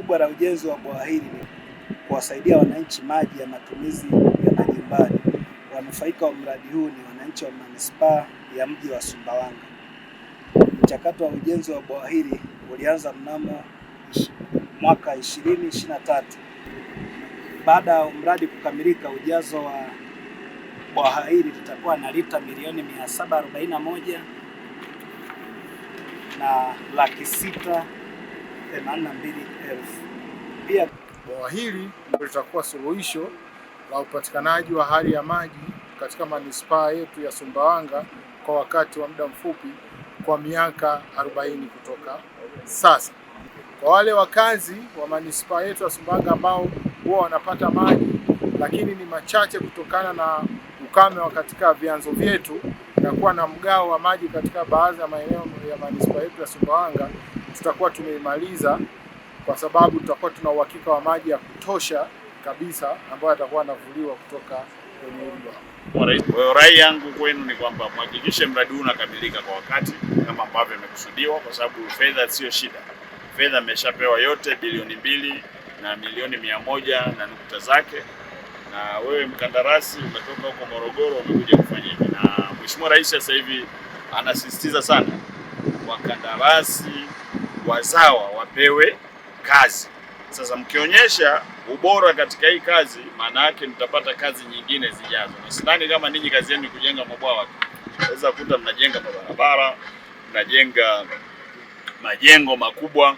kubwa la ujenzi wa bwawa hili ni kuwasaidia wananchi maji ya matumizi ya majumbani. Wanufaika wa mradi huu ni wananchi wa manispaa ya mji wa Sumbawanga. Mchakato wa ujenzi wa bwawa hili ulianza mnamo mwaka 2023. Baada ya mradi kukamilika, ujazo wa bwawa hili litakuwa na lita milioni 741 na laki sita pia bwawa hili ndio litakuwa suluhisho la upatikanaji wa hali ya maji katika manispaa yetu ya Sumbawanga kwa wakati wa muda mfupi kwa miaka 40 kutoka sasa. Kwa wale wakazi wa manispaa yetu ya Sumbawanga ambao huwa wanapata maji lakini ni machache kutokana na ukame wa katika vyanzo vyetu na kuwa na mgao wa maji katika baadhi ya maeneo ya manispaa yetu ya Sumbawanga tutakuwa tumeimaliza kwa sababu tutakuwa tuna uhakika wa maji ya kutosha kabisa ambayo yatakuwa yanavuliwa kutoka kwenye hili bwawa. Rai yangu kwenu ni kwamba mhakikishe mradi huu unakamilika kwa wakati kama ambavyo imekusudiwa, kwa sababu fedha sio shida. Fedha imeshapewa yote, bilioni mbili na milioni mia moja na nukta zake, na wewe mkandarasi umetoka huko Morogoro umekuja kufanya hivi, na Mheshimiwa Rais sasa hivi anasisitiza sana wakandarasi wazawa wapewe kazi. Sasa mkionyesha ubora katika hii kazi, maana yake mtapata kazi nyingine zijazo, na sidhani kama ninyi kazi yenu kujenga mabwawa tu. Naweza kuta mnajenga mabarabara, mnajenga majengo makubwa.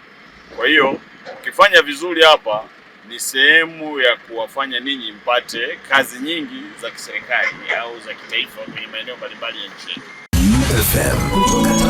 Kwa hiyo ukifanya vizuri hapa ni sehemu ya kuwafanya ninyi mpate kazi nyingi za kiserikali au za kitaifa kwenye maeneo mbalimbali ya nchi yetu.